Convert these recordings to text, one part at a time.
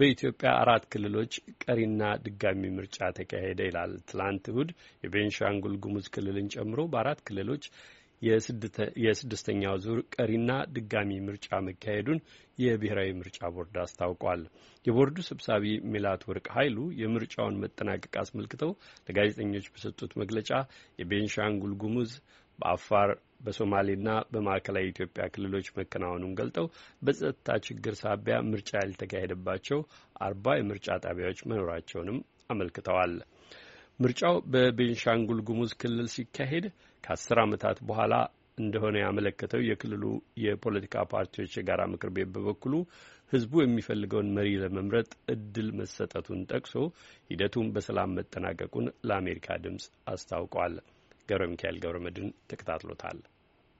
በኢትዮጵያ አራት ክልሎች ቀሪና ድጋሚ ምርጫ ተካሄደ ይላል። ትላንት እሁድ የቤንሻንጉል ጉሙዝ ክልልን ጨምሮ በአራት ክልሎች የስድስተኛው ዙር ቀሪና ድጋሚ ምርጫ መካሄዱን የብሔራዊ ምርጫ ቦርድ አስታውቋል። የቦርዱ ሰብሳቢ ሚላት ወርቅ ኃይሉ የምርጫውን መጠናቀቅ አስመልክተው ለጋዜጠኞች በሰጡት መግለጫ የቤንሻንጉል ጉሙዝ በአፋር በሶማሌና በማዕከላዊ ኢትዮጵያ ክልሎች መከናወኑን ገልጠው በጸጥታ ችግር ሳቢያ ምርጫ ያልተካሄደባቸው አርባ የምርጫ ጣቢያዎች መኖራቸውንም አመልክተዋል። ምርጫው በቤንሻንጉል ጉሙዝ ክልል ሲካሄድ ከአስር ዓመታት በኋላ እንደሆነ ያመለከተው የክልሉ የፖለቲካ ፓርቲዎች የጋራ ምክር ቤት በበኩሉ ሕዝቡ የሚፈልገውን መሪ ለመምረጥ እድል መሰጠቱን ጠቅሶ ሂደቱን በሰላም መጠናቀቁን ለአሜሪካ ድምፅ አስታውቋል። ገብረ ሚካኤል ገብረ መድን ተከታትሎታል።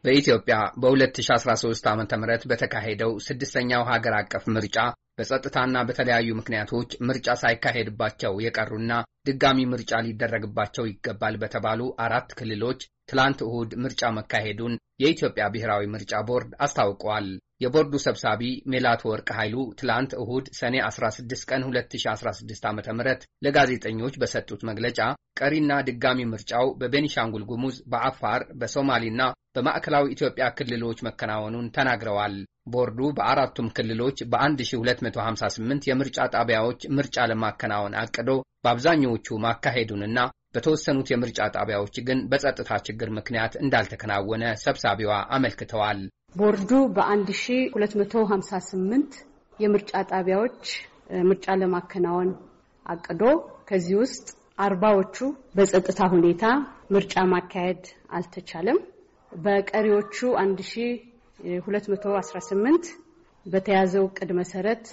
በኢትዮጵያ በ2013 ዓ ም በተካሄደው ስድስተኛው ሀገር አቀፍ ምርጫ በጸጥታና በተለያዩ ምክንያቶች ምርጫ ሳይካሄድባቸው የቀሩና ድጋሚ ምርጫ ሊደረግባቸው ይገባል በተባሉ አራት ክልሎች ትላንት እሁድ ምርጫ መካሄዱን የኢትዮጵያ ብሔራዊ ምርጫ ቦርድ አስታውቋል። የቦርዱ ሰብሳቢ ሜላት ወርቅ ኃይሉ ትላንት እሁድ ሰኔ 16 ቀን 2016 ዓ ም ለጋዜጠኞች በሰጡት መግለጫ ቀሪና ድጋሚ ምርጫው በቤኒሻንጉል ጉሙዝ፣ በአፋር፣ በሶማሊና በማዕከላዊ ኢትዮጵያ ክልሎች መከናወኑን ተናግረዋል። ቦርዱ በአራቱም ክልሎች በ1258 የምርጫ ጣቢያዎች ምርጫ ለማከናወን አቅዶ በአብዛኛዎቹ ማካሄዱንና በተወሰኑት የምርጫ ጣቢያዎች ግን በጸጥታ ችግር ምክንያት እንዳልተከናወነ ሰብሳቢዋ አመልክተዋል። ቦርዱ በ1258 የምርጫ ጣቢያዎች ምርጫ ለማከናወን አቅዶ ከዚህ ውስጥ አርባዎቹ በጸጥታ ሁኔታ ምርጫ ማካሄድ አልተቻለም። በቀሪዎቹ 1218 በተያዘው ቅድ መሰረት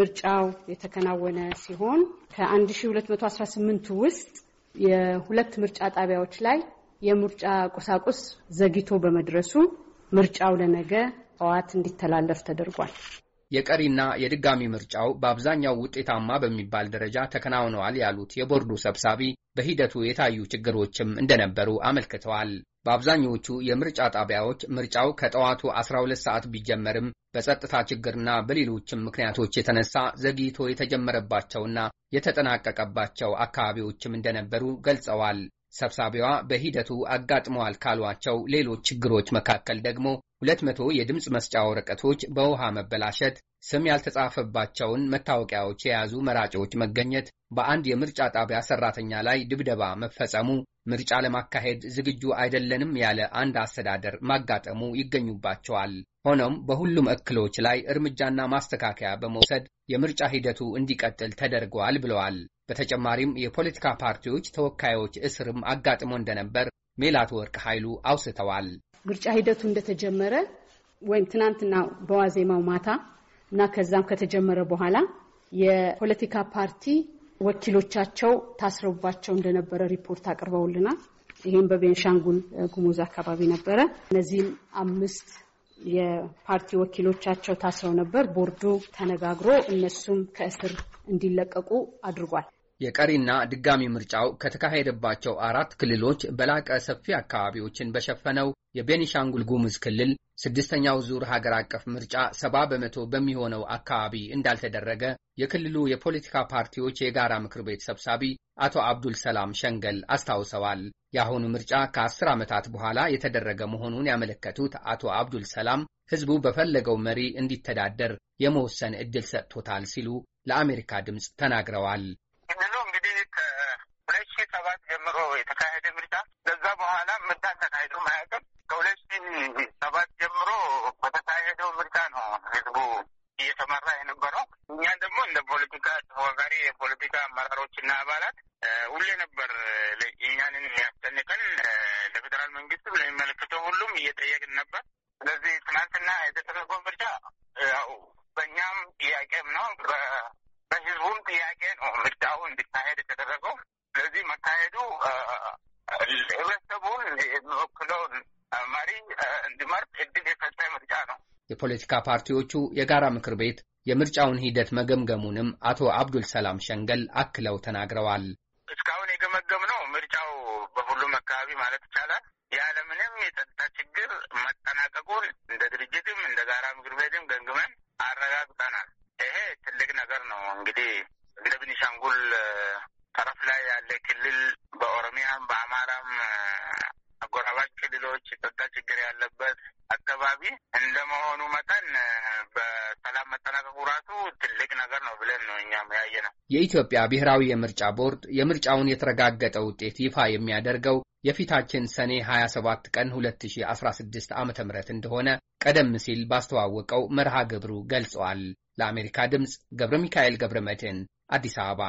ምርጫው የተከናወነ ሲሆን ከ1218 ውስጥ የሁለት ምርጫ ጣቢያዎች ላይ የምርጫ ቁሳቁስ ዘግይቶ በመድረሱ ምርጫው ለነገ ጠዋት እንዲተላለፍ ተደርጓል። የቀሪና የድጋሚ ምርጫው በአብዛኛው ውጤታማ በሚባል ደረጃ ተከናውነዋል ያሉት የቦርዱ ሰብሳቢ በሂደቱ የታዩ ችግሮችም እንደነበሩ አመልክተዋል። በአብዛኞቹ የምርጫ ጣቢያዎች ምርጫው ከጠዋቱ 12 ሰዓት ቢጀመርም በጸጥታ ችግርና በሌሎችም ምክንያቶች የተነሳ ዘግይቶ የተጀመረባቸውና የተጠናቀቀባቸው አካባቢዎችም እንደነበሩ ገልጸዋል። ሰብሳቢዋ በሂደቱ አጋጥመዋል ካሏቸው ሌሎች ችግሮች መካከል ደግሞ 200 የድምፅ መስጫ ወረቀቶች በውሃ መበላሸት፣ ስም ያልተጻፈባቸውን መታወቂያዎች የያዙ መራጮች መገኘት፣ በአንድ የምርጫ ጣቢያ ሰራተኛ ላይ ድብደባ መፈጸሙ፣ ምርጫ ለማካሄድ ዝግጁ አይደለንም ያለ አንድ አስተዳደር ማጋጠሙ ይገኙባቸዋል። ሆኖም በሁሉም እክሎች ላይ እርምጃና ማስተካከያ በመውሰድ የምርጫ ሂደቱ እንዲቀጥል ተደርገዋል ብለዋል። በተጨማሪም የፖለቲካ ፓርቲዎች ተወካዮች እስርም አጋጥሞ እንደነበር ሜላት ወርቅ ኃይሉ አውስተዋል። ምርጫ ሂደቱ እንደተጀመረ ወይም ትናንትና በዋዜማው ማታ እና ከዛም ከተጀመረ በኋላ የፖለቲካ ፓርቲ ወኪሎቻቸው ታስረውባቸው እንደነበረ ሪፖርት አቅርበውልናል። ይህም በቤንሻንጉል ጉሙዝ አካባቢ ነበረ። እነዚህም አምስት የፓርቲ ወኪሎቻቸው ታስረው ነበር። ቦርዱ ተነጋግሮ እነሱም ከእስር እንዲለቀቁ አድርጓል። የቀሪና ድጋሚ ምርጫው ከተካሄደባቸው አራት ክልሎች በላቀ ሰፊ አካባቢዎችን በሸፈነው የቤኒሻንጉል ጉሙዝ ክልል ስድስተኛው ዙር ሀገር አቀፍ ምርጫ ሰባ በመቶ በሚሆነው አካባቢ እንዳልተደረገ የክልሉ የፖለቲካ ፓርቲዎች የጋራ ምክር ቤት ሰብሳቢ አቶ አብዱል ሰላም ሸንገል አስታውሰዋል። የአሁኑ ምርጫ ከአስር ዓመታት በኋላ የተደረገ መሆኑን ያመለከቱት አቶ አብዱል ሰላም ህዝቡ በፈለገው መሪ እንዲተዳደር የመወሰን ዕድል ሰጥቶታል ሲሉ ለአሜሪካ ድምፅ ተናግረዋል። ዓመት ጀምሮ በተካሄደው ምርጫ ነው ህዝቡ እየተመራ የነበረው። እኛ ደግሞ እንደ ፖለቲካ ተወካሪ የፖለቲካ አመራሮችና አባላት ሁሌ ነበር እኛንን የሚያስጨንቀን ለፌዴራል መንግስትም ለሚመለከተው ሁሉም እየጠየቅን ነበር። ስለዚህ ትናንትና የተደረገው ምርጫ ያው የፖለቲካ ፓርቲዎቹ የጋራ ምክር ቤት የምርጫውን ሂደት መገምገሙንም አቶ አብዱል ሰላም ሸንገል አክለው ተናግረዋል። እስካሁን የገመገም ነው ምርጫው በሁሉም አካባቢ ማለት ይቻላል ያለምንም የጸጥታ ችግር መጠናቀቁን እንደ ድርጅትም እንደ ጋራ ምክር ቤትም ገምግመን አረጋግጠናል። ይሄ ትልቅ ነገር ነው። እንግዲህ ነገር ነው ብለን ነው እኛም ያየ ነው። የኢትዮጵያ ብሔራዊ የምርጫ ቦርድ የምርጫውን የተረጋገጠ ውጤት ይፋ የሚያደርገው የፊታችን ሰኔ 27 ቀን 2016 ዓ.ም እንደሆነ ቀደም ሲል ባስተዋወቀው መርሃ ግብሩ ገልጸዋል። ለአሜሪካ ድምፅ ገብረ ሚካኤል ገብረ መድህን አዲስ አበባ